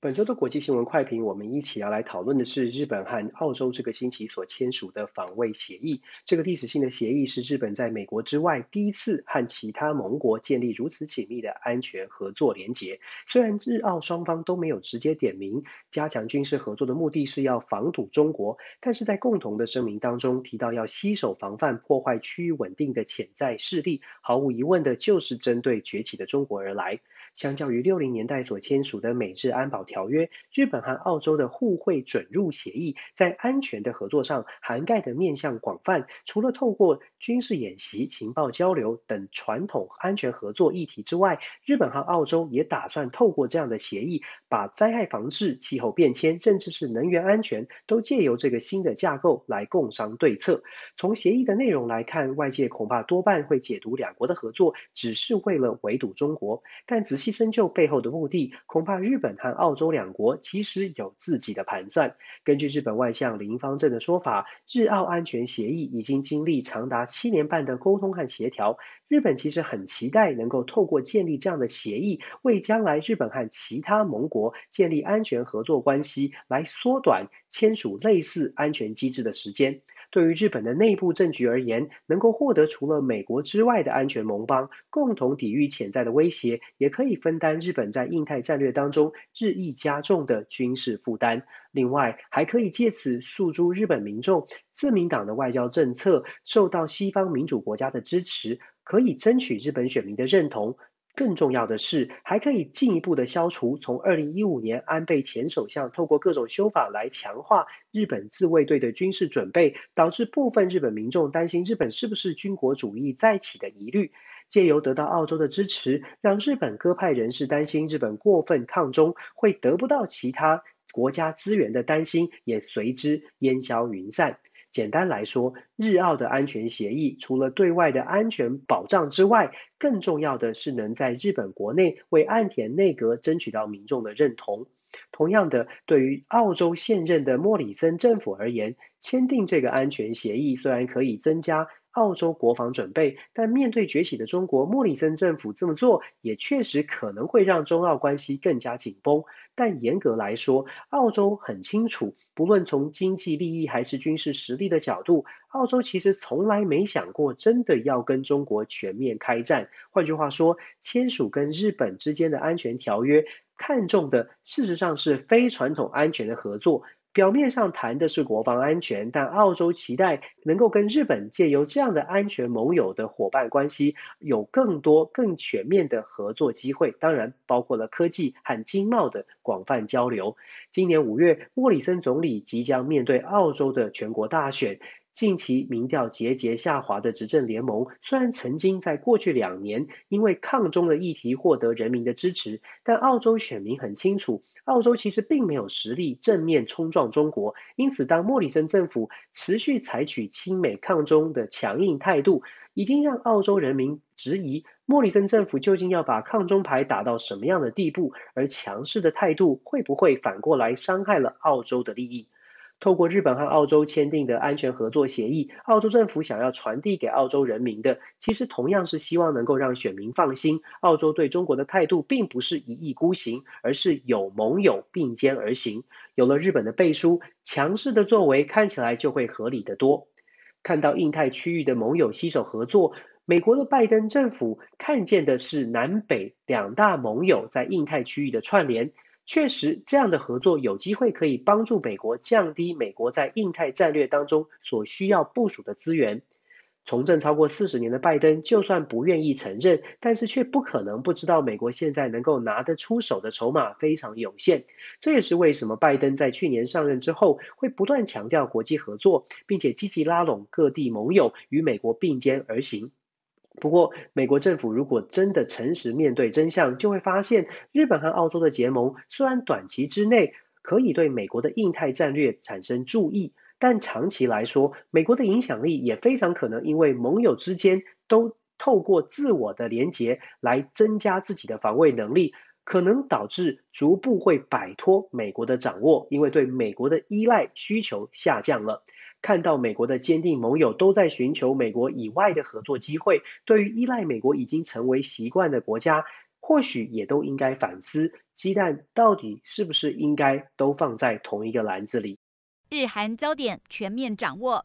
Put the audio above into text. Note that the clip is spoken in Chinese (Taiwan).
本週的國際新聞快評，我們一起要來討論的是日本和澳洲這個星期所簽署的防衛協議。這個歷史性的協議是日本在美國之外第一次和其他盟國建立如此緊密的安全合作聯結。雖然日澳雙方都沒有直接點名加強軍事合作的目的是要防堵中國，但是在共同的聲明當中提到要攜手防範破壞區域穩定的潛在勢力，毫無疑問的就是針對崛起的中國而來。相較於六零年代所簽署的美日安保。條約，日本和澳洲的互惠准入協議在安全的合作上涵蓋的面向廣泛，除了透過軍事演習、情報交流等傳統安全合作議題之外，日本和澳洲也打算透過這樣的協議，把災害防治、氣候變遷，甚至是能源安全，都借由這個新的架構來共商對策。從協議的內容來看，外界恐怕多半會解讀兩國的合作只是為了圍堵中國，但仔細深究背後的目的，恐怕日本和澳洲。洲兩國其實有自己的盤算。根據日本外相林芳正的說法，日澳安全協議已經經歷長達七年半的溝通和協調。日本其實很期待能夠透過建立這樣的協議，為將來日本和其他盟國建立安全合作關係，來縮短簽署類似安全機制的時間。對於日本的內部政局而言，能夠獲得除了美國之外的安全盟邦，共同抵禦潛在的威脅，也可以分擔日本在印太戰略當中日益加重的軍事負擔。另外，還可以借此訴諸日本民眾，自民黨的外交政策受到西方民主國家的支持，可以爭取日本選民的認同。更重要的是，還可以進一步的消除從二零一五年安倍前首相透過各種修法來強化日本自衛隊的軍事準備，導致部分日本民眾擔心日本是不是軍國主義再起的疑慮。借由得到澳洲的支持，讓日本各派人士擔心日本過分抗中，會得不到其他國家資源的擔心，也隨之煙消雲散。簡單來說，日澳的安全協議除了對外的安全保障之外，更重要的是能在日本國內為岸田內閣爭取到民眾的認同。同樣的，對於澳洲現任的莫里森政府而言，簽訂這個安全協議雖然可以增加澳洲國防準備，但面對崛起的中國，莫里森政府這麼做也確實可能會讓中澳關係更加緊繃。但嚴格來說，澳洲很清楚，不論從經濟利益還是軍事實力的角度，澳洲其實從來沒想過真的要跟中國全面開戰。換句話說，簽署跟日本之間的安全條約，看重的事實上是非傳統安全的合作。表面上談的是國防安全，但澳洲期待能夠跟日本借由這樣的安全盟友的夥伴關係，有更多更全面的合作機會，當然包括了科技和經貿的廣泛交流。今年五月，莫里森總理即將面對澳洲的全國大選，近期民調節節下滑的執政聯盟，雖然曾經在過去兩年因為抗中的議題獲得人民的支持，但澳洲選民很清楚。澳洲其實並沒有實力正面衝撞中國，因此，當莫里森政府持續採取親美抗中的強硬態度，已經讓澳洲人民質疑莫里森政府究竟要把抗中牌打到什麼樣的地步，而強勢的態度會不會反過來傷害了澳洲的利益？透過日本和澳洲簽訂的安全合作協議，澳洲政府想要傳遞給澳洲人民的，其實同樣是希望能夠讓選民放心，澳洲對中國的態度並不是一意孤行，而是有盟友並肩而行。有了日本的背書，強勢的作為看起來就會合理得多。看到印太區域的盟友攜手合作，美國的拜登政府看見的是南北兩大盟友在印太區域的串聯。確實，這樣的合作有機會可以幫助美國降低美國在印太戰略當中所需要部署的資源。從政超過四十年的拜登，就算不願意承認，但是卻不可能不知道美國現在能夠拿得出手的籌碼非常有限。這也是為什麼拜登在去年上任之後，會不斷強調國際合作，並且積極拉攏各地盟友與美國並肩而行。不過，美國政府如果真的誠實面對真相，就會發現日本和澳洲的結盟雖然短期之內可以對美國的印太戰略產生助益，但長期來說，美國的影響力也非常可能因為盟友之間都透過自我的連結來增加自己的防衛能力，可能導致逐步會擺脫美國的掌握，因為對美國的依賴需求下降了。看到美國的堅定盟友都在尋求美國以外的合作機會，對於依賴美國已經成為習慣的國家，或許也都應該反思，雞蛋到底是不是應該都放在同一個籃子裡？日韓焦點全面掌握。